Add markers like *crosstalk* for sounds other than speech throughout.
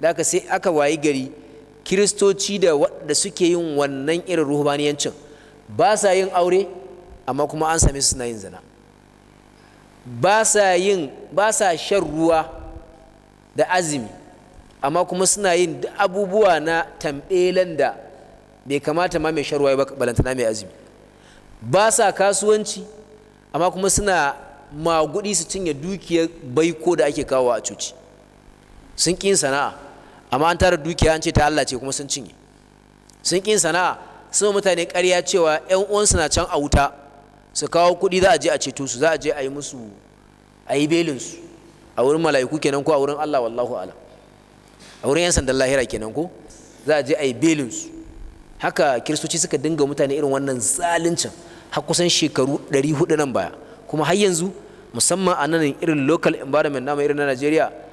da aka sai aka wayi gari kiristoci da waɗanda suke yin wannan irin ruhubaniyancin ba sa yin aure amma kuma an same su suna yin zina ba sa yin ba sa shan ruwa da azumi amma kuma suna yin abubuwa na tambelen da bai kamata ma mai shan ruwa ba balantana mai azumi ba sa kasuwanci amma kuma suna magudi su cinye dukiyar baiko da ake kawo a cuci sun ƙin sana'a amma an tara dukiya an ce ta Allah ce kuma sun cinye sun kin sana'a sun mutane ƙarya cewa ƴan uwansu na can a wuta su kawo kuɗi za a je a ceto su za a je a yi musu a yi belin su a wurin mala'iku kenan ko a wurin Allah wallahu ala a wurin 'yan sandan lahira kenan ko za a je a yi belin su haka kiristoci suka dinga mutane irin wannan zaluncin har kusan shekaru 400 nan baya kuma har yanzu musamman a nan irin local environment namu irin na Najeriya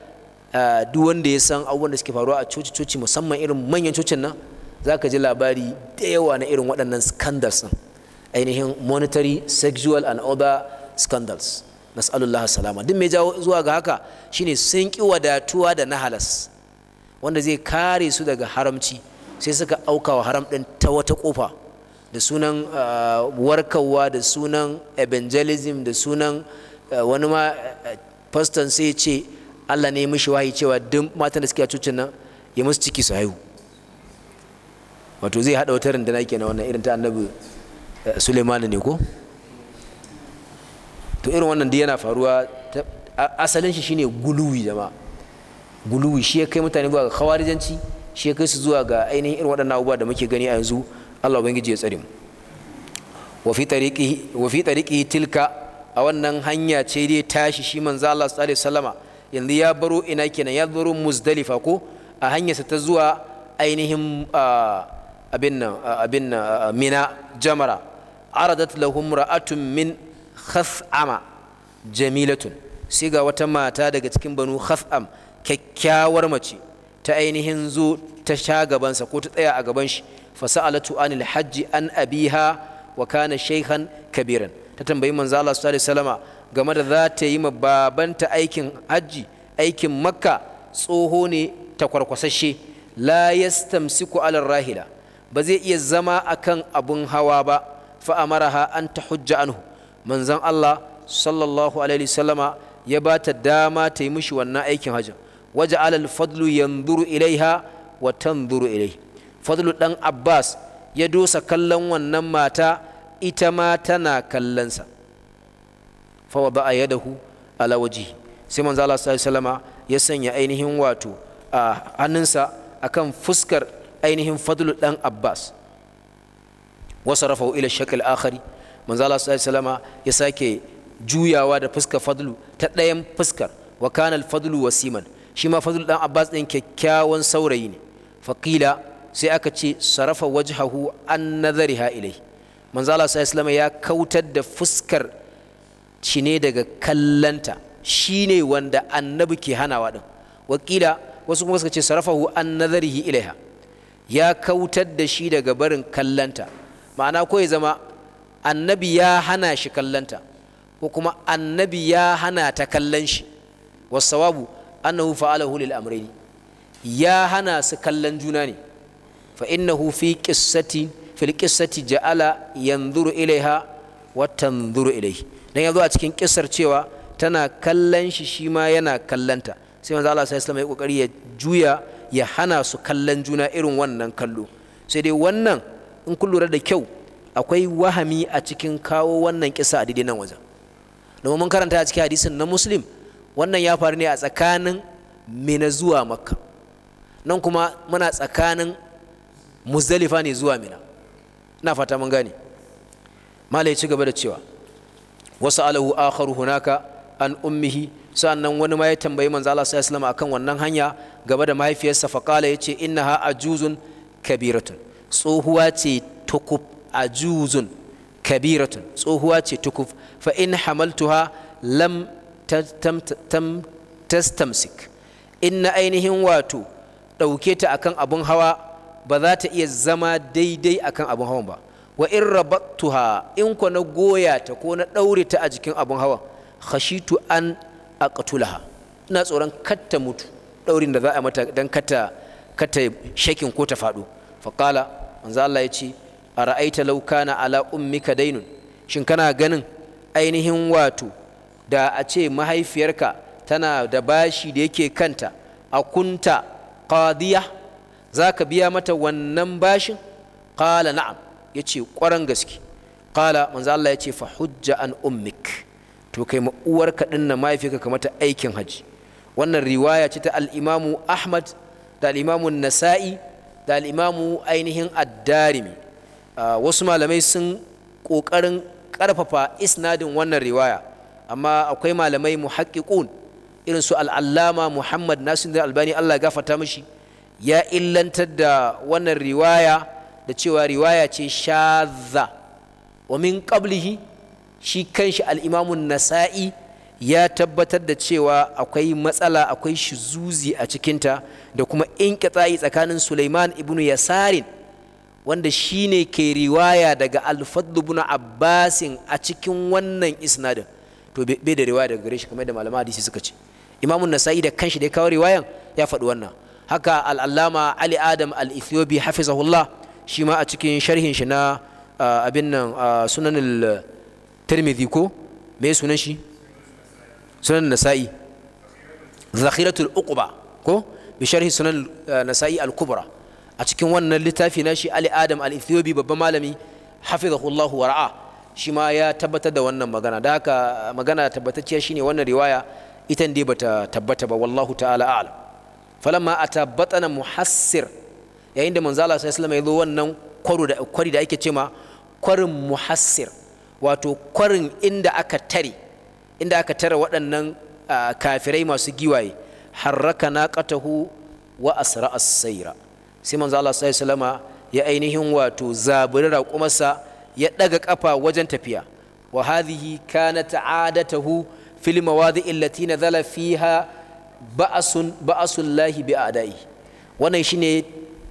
Eh, duk wanda ya san abubuwan da suke faruwa a coci-coci musamman irin manyan cocin nan za ka ji labari da yawa na irin waɗannan scandals ɗin ainihin monetary sexual and other scandals nas'alullah salama duk mai jawo zuwa ga haka shine sun ki wadatuwa da na halas wanda zai kare su daga haramci sai suka auka wa haram ɗin ta wata kofa da sunan eh, warkarwa da sunan evangelism da sunan eh, wani ma faston sai ce Allah ne ya mishi wahayi cewa duk matan da suke a cocin nan ya musu ciki su haihu wato zai haɗa wata rindana kenan wannan irin ta annabi eh, Sulaiman ne ko to irin wannan duk yana faruwa asalin shi shine guluwi jama guluwi shi ya kai mutane zuwa ga khawarijanci shi ya kai su zuwa ga ainihin irin waɗannan abubuwa da muke gani a yanzu Allah ubangiji ya tsare mu wa fi tariqi wa fi tariqi tilka a wannan hanya ce dai tashi shi manzo Allah sallallahu alaihi wasallama yanzu ya baro ina kenan ya baro muzdalifa ko a hanyarsa ta zuwa ainihin abin nan abin nan mina jamara aradat lahum ra'atun min khas'ama jamilatun sai ga wata mata daga cikin banu khas'am kyakkyawar mace ta ainihin zo ta sha gabansa ko ta tsaya a gaban shi fasa'alatu anil hajji an abiha wa kana shaykhan kabiran ta tambayi manzo Allah sallallahu alaihi wasallama game da za ta yi ma babanta aikin hajji aikin makka tsoho ne ta kwarkwasashe la yastamsiku alar rahila ba zai iya zama akan abun hawa ba fa amaraha an ta hujja anhu manzon Allah sallallahu alaihi sallama ya ba ta dama ta yi mishi wannan aikin hajjin waje alal fadlu yanzuru ilaiha wa tanzuru ilai fadlu dan Abbas ya dosa kallon wannan mata ita ma tana kallonsa fa wada'a yadahu ala wajihi sai manzo Allah sallallahu alaihi wasallama ya sanya ainihin wato a hannunsa akan fuskar ainihin fadlu dan Abbas wasarafahu ila shakl akhari manzo Allah sallallahu alaihi wasallama ya sake juyawa da fuskar fadlu ta dayan fuskar wa kana al-fadlu wasiman shi ma fadlu dan Abbas din kyakkyawan saurayi ne faqila sai aka ce sarafa wajhahu an nadhariha ilai manzo Allah sallallahu alaihi wasallama ya kautar da fuskar cine daga kallanta shine wanda annabi ke hanawa din wakila wasu kuma suka ce sarafahu an nazarihi ilaiha ya kautar da shi daga barin kallanta ma'ana ko ya zama annabi ya hana shi kallanta ko kuma annabi ya hana ta kallon shi wasawabu annahu fa'alahu lil amrayni ya hana su kallon juna ne fa innahu fi qissati fil qissati ja'ala yanzuru ilaiha wa tanzuru ilaihi dan zo a cikin kisar cewa tana kallon shi shi ma yana kallanta sai manzo Allah sallallahu alaihi ya kokari ya juya ya hana su kallon juna irin wannan kallo sai dai wannan in kun lura da kyau akwai wahami a cikin kawo wannan kisa a daidai nan wajen domin mun karanta a cikin hadisin na muslim wannan ya faru ne a tsakanin mina zuwa makka nan kuma muna tsakanin muzdalifa ne zuwa mina na fata mun gane malai ci gaba da cewa wasu alahu akharu hunaka an ummihi sannan wani ma ya tambayi manzo Allah sallallahu alaihi wasallam akan wannan hanya gaba da mahaifiyarsa fa qala yace innaha ajuzun kabiratun tsohuwa ce tukuf ajuzun kabiratun tsohuwa ce tukuf fa in hamaltuha lam tam tastamsik inna ainihin wato ɗauke ta akan abun hawa ba za ta iya zama daidai akan abun hawan ba wa in rabattuha in ko na goya ta ko na daure ta a jikin abun hawa khashitu an aqtulaha ina tsoron katta mutu daurin da za a mata dan kata katta shakin ko ta faɗo qala manzo Allah ya ce ara'aita law kana ala ummika dainun shin kana ganin ainihin wato da a ce mahaifiyarka tana da bashi da yake kanta a kunta qadiya zaka biya mata wannan bashin qala na'am Ya ce kwaran gaske ƙala manzo Allah ce fa hujja an ummik to kai ma uwarka din na mahaifiyarka ka mata aikin haji wannan riwaya ce ta al-Imamu Ahmad da al-Imamu Nasa'i da al-Imamu ainihin Ad-Darimi ah, wasu malamai sun kokarin karfafa isnadin wannan riwaya amma akwai malamai muhaqqiqun irin su al-Allama Muhammad Nasir Albani Allah ya gafarta mishi ya illantar da wannan riwaya da cewa riwaya ce shaza wa min qablihi shi kanshi al-imamun nasa'i ya tabbatar da cewa akwai matsala akwai zuzi a cikinta da kuma in inqita'i tsakanin Sulaiman ibn Yasarin wanda shine ke riwaya daga Al-Fadl Abbasin a cikin wannan isnadin to bai da riwaya daga gare shi kamar da malama hadisi suka ce Imamun Nasa'i da kanshi da ya kawo riwayan ya faɗi wannan haka al-Allama Ali Adam al-Ethiopi hafizahullah shi ma a cikin sharhin shi na abin nan sunanul tirmidhi ko me sunan shi sunan nasa'i zakhiratul uquba ko bi sharhi sunan nasa'i al-kubra a cikin wannan littafi na shi ali adam al-ethiopi babban malami hafizahullahu wara'a ra'a shi ma ya tabbatar da wannan magana da haka magana tabbatacciya shine wannan riwaya ita dai bata tabbata ba wallahu ta'ala a'lam falamma atabatana muhassir yayin da manzala sai sallama ya zo wannan kwari da ake cema kwarin muhassir wato kwarin inda aka tare inda aka tare waɗannan kafirai masu giwaye harraka naqatahu wa asra as-sayra sai manzo Allah ya ainihin wato zaburi raƙumarsa ya ɗaga ƙafa wajen tafiya wa hadhihi kanat adatahu fil mawadi'i allati nazala fiha ba'sun ba'sullahi bi a'da'i wannan shine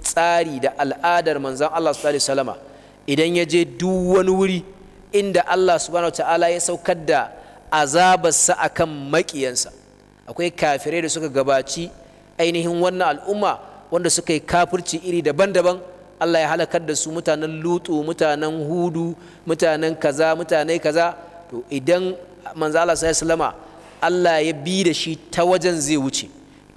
tsari da al'adar manzan Allah sallallahu alaihi salama idan ya je duk wani wuri inda Allah subhanahu ta'ala ya saukar da azabarsa akan maƙiyansa akwai kafirai da suka gabaci ainihin wannan al'umma wanda suka yi kafirci iri daban-daban Allah ya halakar da su mutanen lutu mutanen hudu mutanen kaza mutane kaza to idan manzo Allah sallallahu alaihi wasallama Allah ya bi da shi ta wajen zai wuce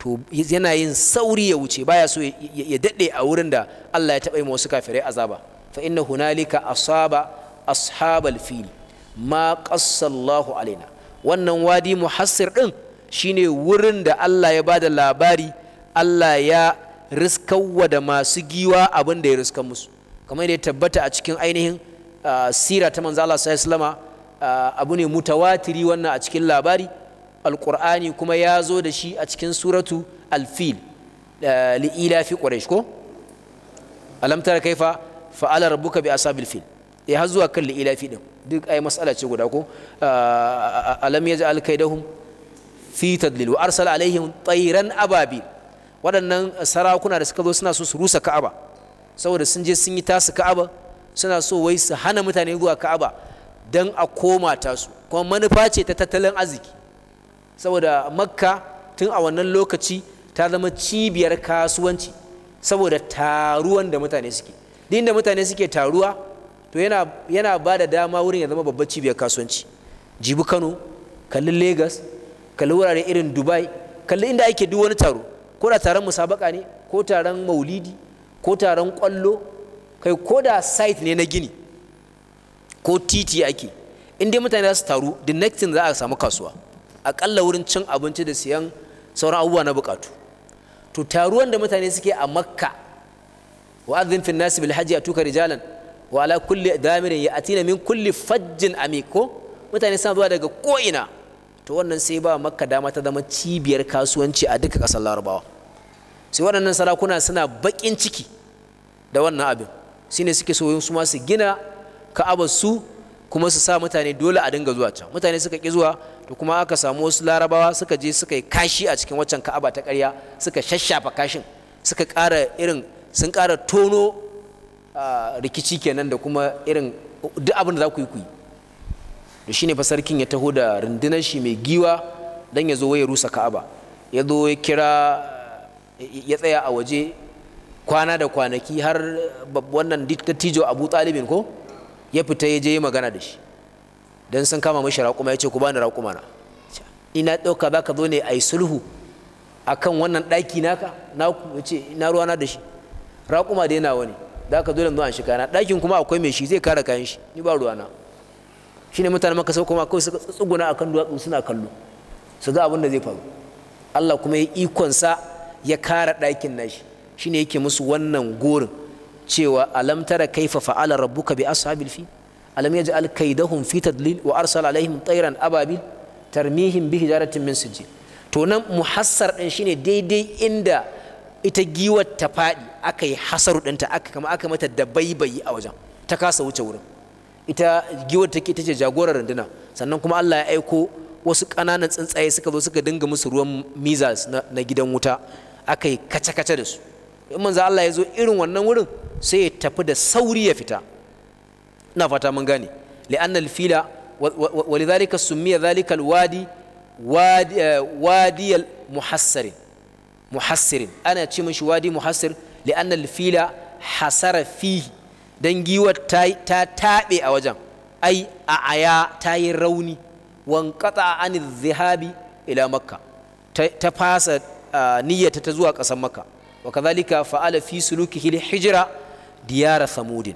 to yana yin sauri ya wuce baya so ya daɗe a wurin da Allah ya taɓa yi wasu kafirai azaba fa inna hunalika asaba ashabal fili ma qassallahu alaina wannan wadi muhassir din shine wurin da Allah ya bada labari Allah ya riskawa da masu giwa abin da ya riska musu kamar da ya tabbata a cikin ainihin ah, sira ta manzo Allah sallallahu alaihi wasallama ah, abu ne mutawatiri wannan a cikin labari Alƙur'ani kuma ya zo da shi a cikin suratu alfil eh, li'ila fi quraish ko alam tara kaifa fa'ala rabbuka bi ashabil fil eh har zuwa kan li'ila fi din duk ai mas'ala ce guda ko eh, alam yaj'al kaidahum fi tadlil wa arsala alaihim tayran ababi waɗannan sarakuna da suka zo suna so su rusa ka'aba saboda sun je sun yi tasu ka'aba suna so wai su hana mutane zuwa ka'aba don a koma tasu kuma manufa ce ta tattalin arziki saboda makka tun a wannan lokaci ta zama cibiyar kasuwanci saboda taruwan da mutane suke inda mutane suke taruwa to yana ba da dama wurin ya zama babban cibiyar kasuwanci jibi kano kalli legas kalli wurare irin dubai kalli inda ake duk wani taro ko da taron musabaka ne ko taron maulidi ko taron kwallo kai ko da site ne na gini ko titi ake inda mutane za su taru the next thing za a samu kasuwa aƙalla wurin cin abinci da siyan sauran abubuwa na buƙatu to taruwan da mutane suke a makka wa azin fi nasi bil hajji atuka rijalan wa ala kulli damirin ya atina min kulli fajjin amiko mutane suna zuwa daga ko'ina to wannan sai ba makka dama ta zama cibiyar kasuwanci a duka ƙasar larabawa sai waɗannan sarakuna suna baƙin ciki da wannan abin ne suke so su ma su gina ka'abar su kuma su sa mutane dole a dinga zuwa can mutane suka ƙi zuwa to kuma aka samu wasu larabawa suka je suka yi kashi a cikin waccan ka'aba ta karya suka shashafa kashin suka ƙara irin sun ƙara tono rikici kenan da kuma irin duk abin da za ku yi ku yi da shine fa sarkin ya taho da rundunar shi mai giwa Don ya zo ya rusa ka'aba ya zo ya kira ya tsaya a waje kwana da kwanaki har eh, wannan dattijo abu talibin ko ya fita ya je magana da shi dan sun kama mishi raƙuma ya ce ku bani raƙuma na ina ɗauka baka zo ne a yi sulhu akan wannan ɗaki naka na ce na ruwa na da shi raƙuma da yana wani da aka dole zuwa shi kayana ɗakin kuma akwai mai shi zai kare kayan shi ni ba ruwa na shi ne mutane maka sau kuma kawai suka tsuguna akan duwatsu suna kallo su ga abin da zai faru Allah kuma ya ikonsa ya kare ɗakin nashi shine yake musu wannan gorin cewa alam tara kaifa fa'ala rabbuka bi ashabil fi alam yaj'al kaidahum fi tadlil wa arsala alaihim tayran ababil tarmihim bi hijaratin min sijil to nan muhassar din shine daidai inda ita giwar ta fadi aka yi hasaru ɗinta aka kama aka mata dabaibayi a wajen ta kasa wuce wurin ita giwar take ita ce jagorar runduna sannan kuma Allah ya aiko wasu ƙananan tsuntsaye suka zo suka dinga musu ruwan mizas na gidan wuta aka yi kace-kace da su in manzo Allah ya zo irin wannan wurin sai ya tafi da sauri ya fita نفتا fata لان gane ولذلك سمي ذلك الوادي وادي, وادي المحسر محسر أنا تشمش وادي محسر لأن الفيل حسر فيه دنجي وتاي تاتابي أوجان أي أعيا تاي روني وانقطع عن الذهاب إلى مكة تفاس آه، نية تتزوى قسم مكة وكذلك فعل في سلوكه الحجرة ديار ثمود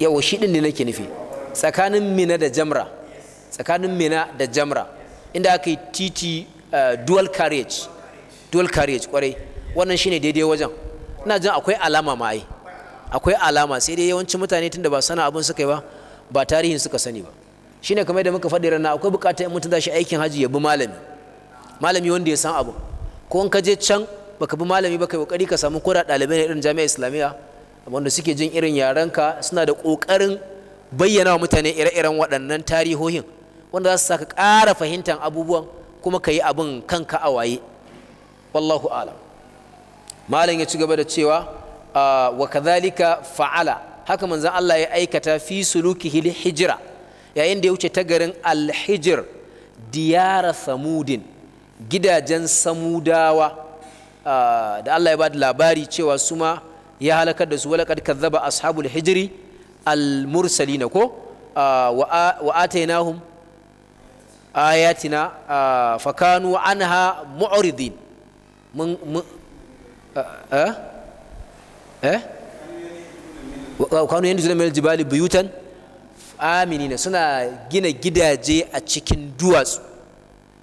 yawa shi din ne ke nufi tsakanin mina da jamra tsakanin mina da jamra inda aka yi titi eh, dual carriage dual carriage kwarai wannan shine daidai wajen ina jin akwai alama ma ai akwai alama sai dai yawancin mutane tun da ba sana abin suka yi ba ba tarihin suka sani ba shine kamar da muka faɗi rana akwai bukatar in mutum shi aikin haji ya bi malami malami wanda ya san abu ko in ka je can baka bi malami ba yi kokari ka samu koda ɗalibai ne irin jami'a islamiyya wanda suke jin irin yarenka suna da ƙoƙarin bayyana wa mutane ire-iren waɗannan tarihohin wanda za su saka ƙara fahimtar abubuwan kuma ka yi abin kanka a waye wallahu alam malam ya ci gaba da cewa ah, wa kadhalika fa'ala haka manzon Allah ya aikata fi sulukihi hijira yayin da ya wuce ta garin alhijir diyara samudin gidajen samudawa ah, da Allah ya ba da labari cewa su ma ya halakar da su walaqad kazzaba ashabul hijri al mursalina ko wa atainahum ayatina fakanu anha mu'ridin mun eh eh kanu yanzu min jibali buyutan aminina suna gina gidaje a cikin duwatsu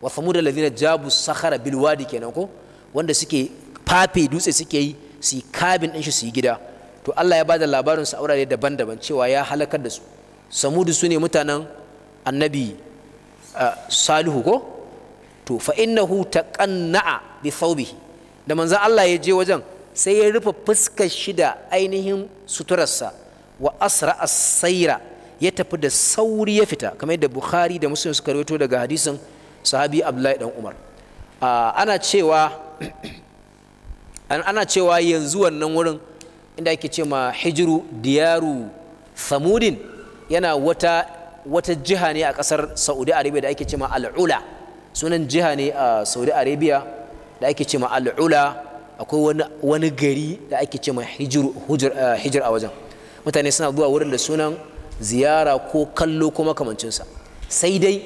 wa da ladina jabu sahara bilwadi kenan ko wanda suke fafe dutse suke yi su yi kabin ɗin shi su yi gida to Allah ya ba da labarin su wurare daban-daban cewa ya halakar da su samudu su ne mutanen annabi salihu ko to fa innahu taqanna'a bi thawbihi da manzon Allah ya je wajen sai ya rufe fuskar shi da ainihin suturarsa wa asra asaira ya tafi da sauri ya fita kamar yadda Bukhari da Muslim suka rawaito daga hadisin sahabi Abdullahi dan Umar ana cewa ana cewa yanzu wannan wurin inda ake ce ma hijiru diyaru samudin yana wata wata jiha ne a ƙasar saudi arabia da ake ce ma al'ula sunan jiha ne a saudi arabia da ake ce ma al'ula akwai wani gari da ake ce ma hijir eh, a wajen mutane suna zuwa wurin da sunan ziyara ko kallo ko makamancinsa sai dai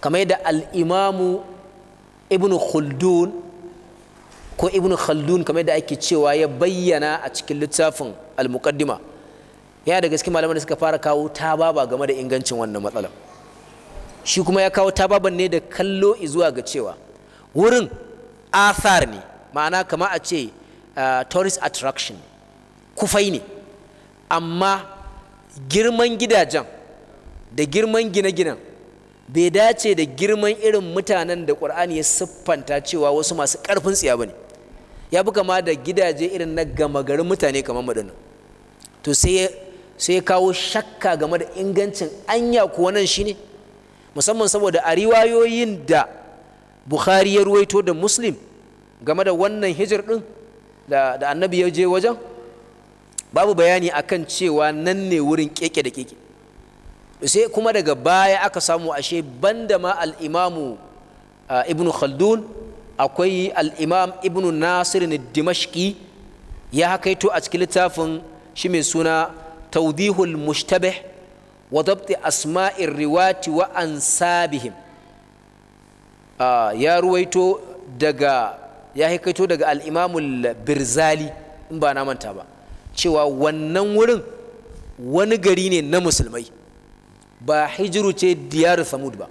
kamar da al'imamu ibn khuldun ko ibnu khaldun kamar da ake cewa ya bayyana a cikin littafin al-muqaddima ya da gaske malaman da suka fara kawo tababa game da ingancin wannan matsalar shi kuma ya kawo tababan ne da kallo zuwa ga cewa wurin athar ne ma'ana kama a ce tourist attraction kufai ne amma girman gidajen da girman gine-ginen bai dace da girman irin mutanen da ƙur'ani ya siffanta cewa wasu masu ƙarfin tsiya ba ne ya fi kama da gidaje irin na gama garin mutane kamar madana to sai ya kawo shakka game da ingancin anya kuwa nan shine musamman saboda a riwayoyin da bukhari ya ruwaito da muslim game da wannan hijir din da, annabi ya je wajen babu bayani akan cewa nan ne wurin keke da keke sai kuma daga baya aka samu ashe banda ma al'imamu ibn ibnu khaldun akwai al'imam ibn nasir dimashki ya to a cikin littafin shi mai suna taudihul mushtabih wa dabti asma'ir riwati wa ya ruwaito daga ya hakaito daga al'imamul birzali in ba na manta ba cewa wannan wurin wani gari ne na musulmai ba hijiru ce diyar samud ba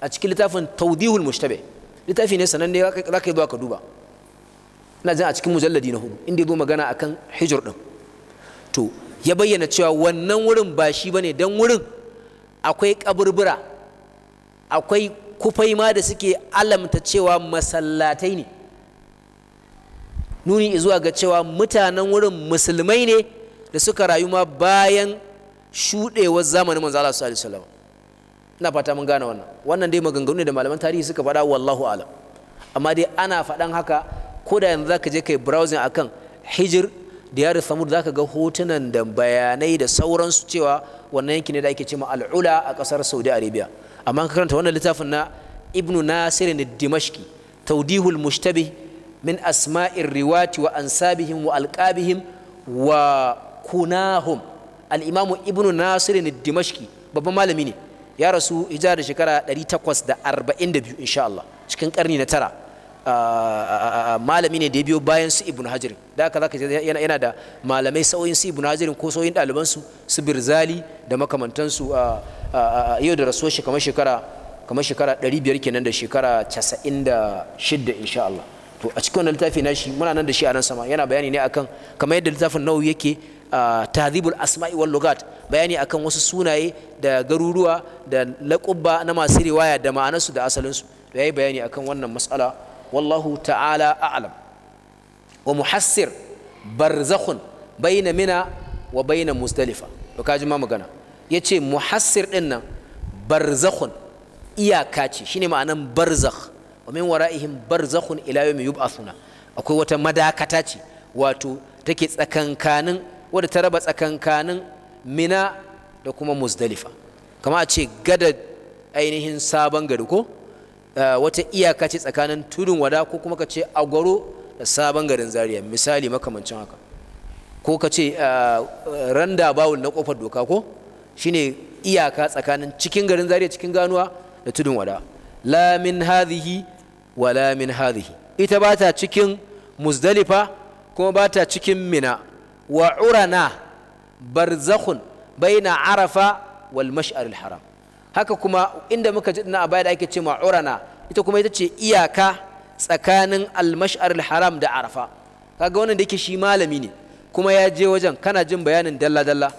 a cikin littafin taudihul mushtabih littafi ne sananne za ka yi zuwa ka duba ina jin a cikin mujalladi na hudu inda ya zo magana kan hijir ɗin to ya bayyana cewa wannan wurin ba shi ba bane dan wurin akwai ƙaburbura akwai kufai ma da suke alamta cewa masallatai ne nuni zuwa ga cewa mutanen wurin musulmai ne da suka rayu ma bayan shuɗewar zamanin manzala sallallahu alaihi wasallam ina fata mun gane wannan wannan dai maganganu ne da malaman tarihi suka faɗa wallahu alam amma dai ana faɗan haka ko da yanzu zaka je kai browsing akan hijir diyar samud zaka ga hotunan da bayanai da sauransu cewa wannan yanki ne da ake cewa al'ula a kasar saudi arabia amma ka karanta wannan littafin na ibnu nasir ne dimashki ta'udihul mushtabih min asma'ir riwati wa ansabihim wa alqabihim wa kunahum al-imamu ibnu nasir ne dimashki babban malami ne ya rasu ija da shekara 842 insha Allah cikin karni na tara ah, ah, ah, malami ne da ya biyo bayan su ibn hajirin da haka zaka yana da malamai sauyin su ibn hajirin ko sauyin dalibansu su birzali da makamantansu yau da rasuwa shi kamar shekara kamar shekara 500 kenan da shekara 96 insha Allah to a cikin wannan littafi na shi muna nan da shi a nan sama yana bayani ne akan kamar yadda littafin nawawi yake tahdhibul asma'i wal lugat bayani akan wasu sunaye da garuruwa da laqubba na masu riwaya da ma'anarsu da asalinsu da yayi bayani akan wannan mas'ala wallahu ta'ala a'lam wa muhassir barzakhun baina mina wa baina muzdalifa to kaji ma magana yace muhassir din nan barzakhun iyaka ce shine ma'anan barzakh wa min wara'ihim barzakhun ila yawmi yub'athuna akwai wata madakata ce wato take tsakankanin wadda ta raba tsakankanin mina da kuma muzdalifa kama a ce gada ainihin sabon gari ko wata iyaka ce tsakanin tudun wada ko kuma ka ce agwaro da sabon garin zaria misali makamancin haka ko ka ce randa bawul na kofar doka ko shine iyaka tsakanin cikin garin zaria cikin ganuwa da tudun wada la min hadhihi wala min hadhihi ita ba ta cikin muzdalifa kuma ba ta cikin mina wa urana barzakhun baina arafa wal al haram haka kuma inda muka ji na baya da ake ce urana ita kuma ita ce iyaka tsakanin al al haram da arafa kaga wannan da yake shi malami ne kuma ya je wajen kana jin bayanin dalla dalla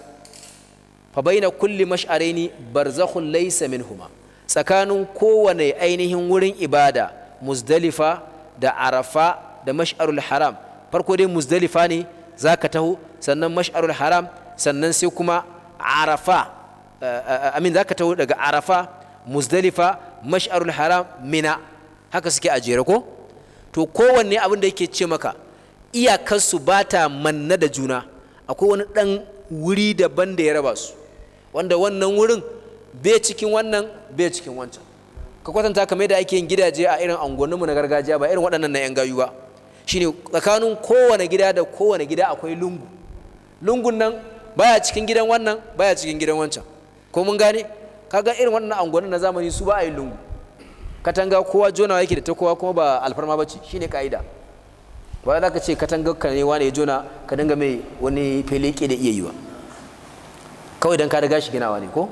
fa baina kulli mash'araini barzakhun laysa minhuma tsakanin kowane ainihin wurin ibada muzdalifa da arafa da mash'arul haram farko dai muzdalifa ne za ka taho sannan mash'arul haram sannan sai kuma arafa eh, eh, amin za ka taho daga arafa muzdalifa mash'arul haram mina haka suke a jere ko to kowanne abin da yake ce maka iyakansu ba ta manna da juna akwai wani ɗan wuri daban da ya raba su wanda wannan wurin bai cikin wannan bai cikin wancan ka kwatanta kamar da ake yin gidaje a irin angoninmu na gargajiya ba irin waɗannan na 'yan gayu ba shine tsakanin kowane gida da kowane gida akwai lungu lungun nan baya cikin gidan wannan baya cikin gidan wancan ko mun gane kaga irin waɗannan angonin na zamani su ba a yi lungu katanga kowa jona yake da ta kowa kuma ba alfarma ba ce shine ka'ida ba za ka ce katangar ka ne wani jona ka dinga mai wani feleke da iya yi ba kawai don ka riga shi ginawa ne ko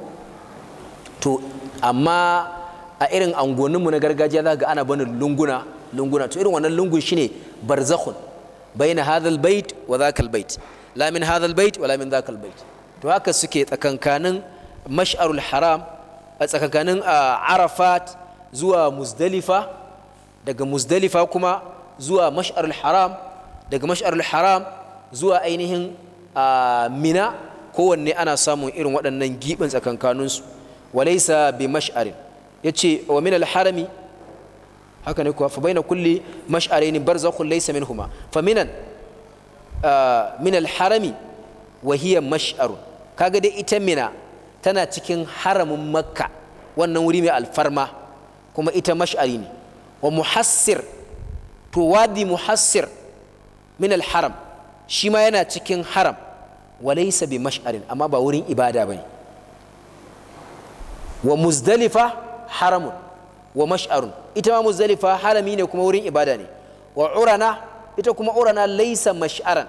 to amma a irin angoninmu na gargajiya za ga ana banin lunguna lunguna to irin wannan lungun shine barzakhun baina hadhal bait wa dhakal bait la min hadhal bait wa la min dhakal bait to haka suke tsakankanin mash'arul haram a tsakankanin arafat zuwa muzdalifa daga muzdalifa kuma zuwa mash'arul haram daga mash'arul haram zuwa ainihin mina kowanne ana samun irin waɗannan giɓin tsakankaninsu walaisa bi mash'arin yace wa min al-harami haka ne kuwa fa baina kulli mash'arain barzakhun laysa minhuma fa minan ah, min al wa hiya mash'arun kaga dai ita mina tana cikin haramin makka wannan wuri mai alfarma kuma ita mash'ari ne wa muhassir to wadi muhassir min haram shi ma yana cikin haram walaysa bi mash'arin amma ba wurin ibada ba ne. wa muzdalifa haramun wa mash'arun ita ma muzdalifa harami ne kuma wurin ibada ne wa urana ita kuma urana laisa mash'aran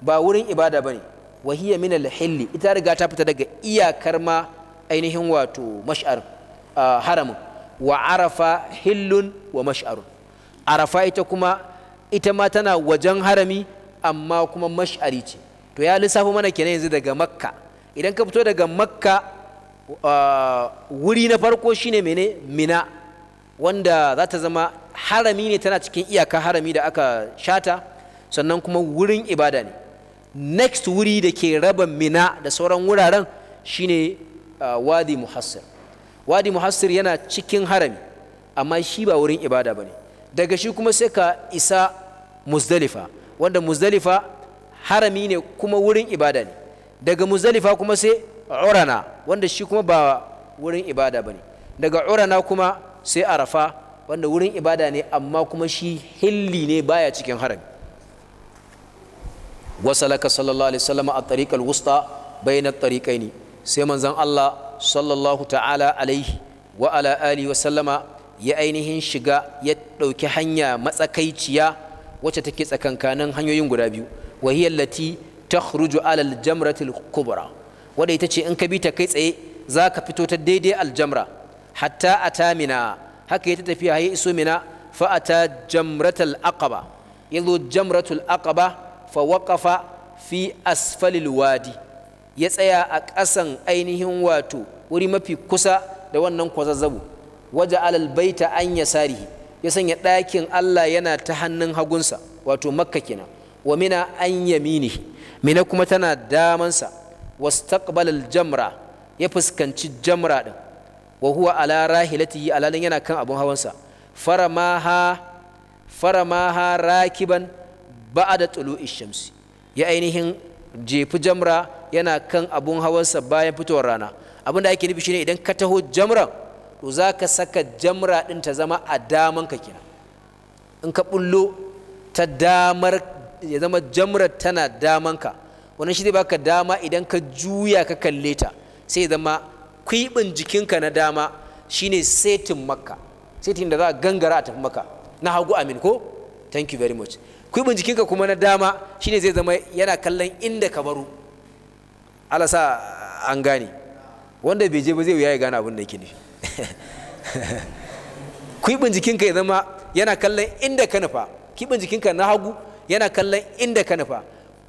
ba wurin ibada bane wa hiya min al-hilli ita riga ta fita daga iyakar ma ainihin wato mash'ar haramun wa arafa hillun wa mash'arun arafa ita kuma ita ma tana wajen harami amma kuma mash'ari ce to ya lissafo mana kenan yanzu daga makka idan ka fito daga makka Uh, wuri na farko shine mene mina wanda za ta zama harami ne tana cikin iyaka harami da aka shata sannan kuma wurin ibada ne next wuri da ke raba mina da sauran wuraren shine uh, wadi muhassir wadi muhassir yana cikin harami amma shi ba wurin ibada ba ne daga shi kuma sai ka isa muzdalifa wanda muzdalifa harami ne kuma wurin ibada ne daga muzdalifa kuma sai urana wanda shi kuma ba wurin ibada bane daga urana kuma sai arafa wanda wurin ibada ne amma kuma shi hilli ne baya cikin harami wasalaka sallallahu alaihi wasallam a tariqal wusta bayna tariqaini sai manzon Allah sallallahu ta'ala alaihi wa ala wa sallama ya ainihin shiga ya ɗauki hanya matsakaiciya wacce take tsakankanin hanyoyin guda biyu wa hiya allati takhruju ala al-jamratil kubra wadda ita ce in ka bi ta kai tsaye za ka fito ta daidai aljamra hatta a mina haka ta tafiya ya iso mina fa jamratal jamratul aqaba ya zo jamratul aqaba fa waqafa fi asfalil wadi ya tsaya a ƙasan ainihin wato wuri mafi kusa da wannan kwazazzabu waje alal baita an yasarihi ya sanya ɗakin Allah yana ta hannun hagunsa wato makka kenan wa mina an yamini mina kuma tana damansa wastaqbala jamra ya fuskanci jamra din wa huwa ala rahilatihi alalan yana kan abun hawan sa faramaha faramaha rakiban ba'da tulu'i shamsi ya ainihin jefi jamra yana kan abun hawan sa bayan fitowar rana abin da ake nufi shine idan ka taho jamran to za saka jamra din ta zama a daman ka kina in ka bullo ta damar ya zama jamrar tana damanka wannan shi zai baka dama idan ka juya ka kalle ta sai zama kwiɓin jikinka na dama shine setin makka setin da za a gangara a tafi makka na hagu amin ko thank you very much kwiɓin jikinka kuma na dama shine zai zama yana kallon inda ka baro alasa an gane wanda bai je ba zai wuya ya gane abin da yake ne *laughs* kwiɓin jikinka ya zama yana kallon inda ka nufa kwiɓin jikinka na hagu yana kallon inda ka nufa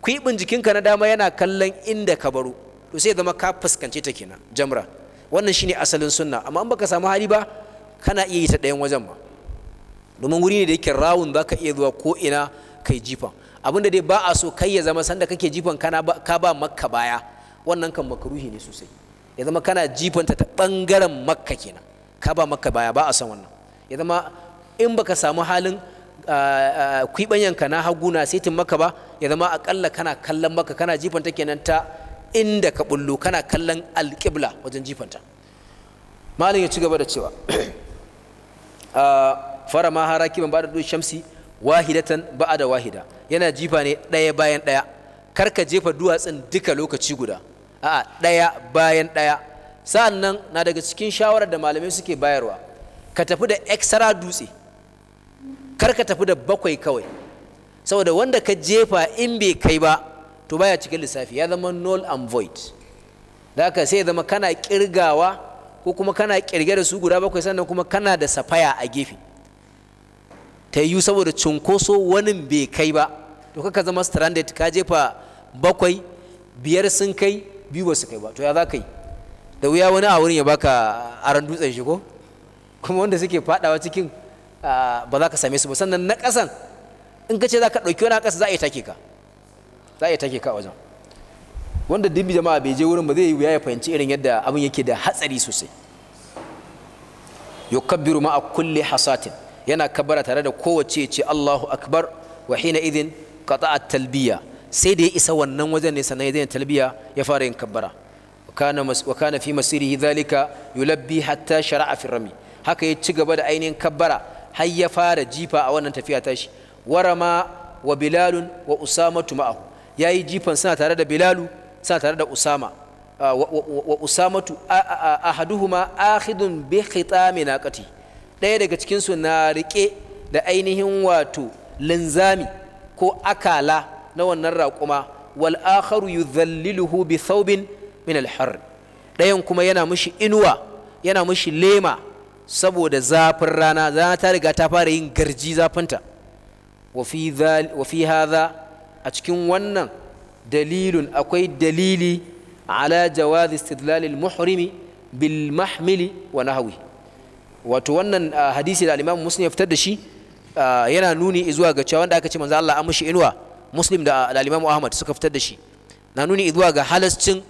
kwiɓin jikinka na dama yana kallon inda ka baro to sai zama ka fuskance ta kenan jamra wannan shine asalin sunna amma in baka samu hali ba kana iya yi ta ɗayan wajen ba domin wuri ne da yake rawun za ka iya zuwa ko ina kai jifan abin da dai ba a so kai ya zama sanda kake jifan kana ka ba makka baya wannan kan makaruhi ne sosai ya zama kana jifanta ta bangaren makka kenan ka ba makka baya ba a san wannan ya zama in baka samu halin ka na hagu na saitin maka ba ya zama akalla kana kallon maka kana jifanta kenan ta inda ka bullo kana kallon alƙibla wajen jifanta malin ya ci gaba da cewa *clears throat* fara ma haraki ban ba da shamsi wahidatan ba da wahida yana jifa ne ɗaya bayan ɗaya kar ka jefa duwatsun duka lokaci guda a'a ɗaya bayan ɗaya sa'an nan na daga cikin shawarar da malamai suke bayarwa ka tafi da extra dutse kar ka tafi da bakwai kawai saboda wanda ka jefa in bai kai ba to baya cikin lissafi ya zama null and void da haka sai ya zama kana kirgawa ko kuma kana kirge da su guda bakwai sannan kuma kana da safaya a gefe ta yiwu saboda cunkoso wani bai kai ba to kaka zama stranded ka jefa bakwai biyar sun kai biyu ba su kai ba to ya za ka yi da wuya wani a wurin ya baka aran dutsen shi ko kuma wanda suke fadawa cikin ba za ka same su ba sannan na ƙasan in ka ce za ka ɗauki wani ƙasa za a yi take ka za a yi take ka wajen wanda dimbi jama'a bai je wurin ba zai yi wuya ya fahimci irin yadda abin yake da hatsari sosai yukabbiru ma'a kulli hasatin yana kabbara tare da kowace ce Allahu akbar wa hina idin qata'a talbiya sai da ya isa wannan wajen ne sannan ya daina talbiya ya fara yin kabbara wa kana fi masirihi dhalika yulabbi hatta shara'a fi rami haka ya ci gaba da ainihin kabbara har ya fara jifa a wannan tafiya tashi warama wa bilalun wa usama ma'ahu yayi jifan suna tare da bilalu suna tare da usama wa usamatu ahaduhuma ahidun bi khitami naqati ɗaya daga cikin su na rike da ainihin wato linzami ko akala na wannan raƙuma wal akharu yudhalliluhu bi thawbin min al ɗayan kuma yana mushi inuwa yana mushi lema saboda zafin rana rana ta riga ta fara yin garji zafinta wa fi haza a cikin wannan dalilun akwai dalili ala jawazi istidlalil muhrimi bil mahmili wa nahwi wato wannan hadisi da al-Imam Muslim ya fitar da shi yana nuni zuwa ga cewa wanda aka ce manzo Allah an mushi inuwa Muslim da al-Imam Ahmad suka fitar da shi na nuni zuwa ga halascin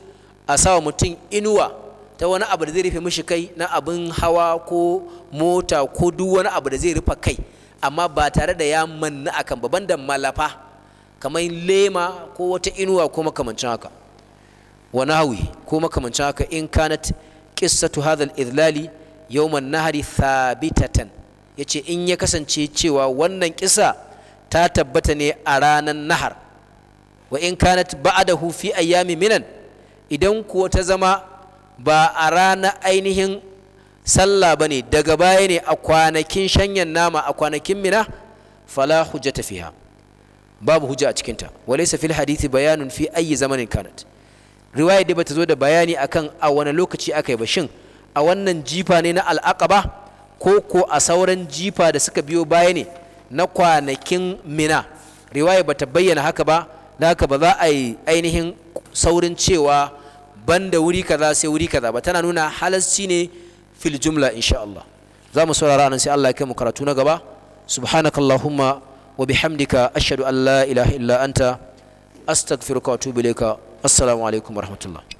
a sawa mutum inuwa ta wani abu da zai rufe mishi kai na abin hawa ko mota ko duk wani abu da zai rufe kai amma ba tare da ya manna akan babban da malafa kamar lema ko wata inuwa ko makamancin haka wani hawi ko makamancin haka in kanat qissatu hadhal idlali yawman nahari thabitatan yace in ya kasance cewa wannan kisa ta tabbata ne a ranar nahar wa in kanat ba'dahu fi ayyami minan idan kuwa ta zama ba a rana ainihin sallah bane daga baya ne a kwanakin shanyan nama a kwanakin mina fala ta fiha babu hujja a cikinta walaysa fil hadithi bayanun fi ayi zamanin kanat riwaya da bata zo da bayani akan a wani lokaci aka ba shin a wannan jifa ne na al'aqaba ko ko a sauran jifa da suka biyo baya ne na kwanakin mina riwaya bata bayyana haka ba da haka ba za a yi ainihin saurin cewa banda wuri kaza sai wuri kaza ba tana nuna halasci ne fil jumla insha Allah za mu saurara nan sai Allah ya kai mu karatu na gaba subhanakallahumma wa bihamdika ashhadu an la ilaha illa anta astaghfiruka wa atubu ilayka assalamu alaikum warahmatullahi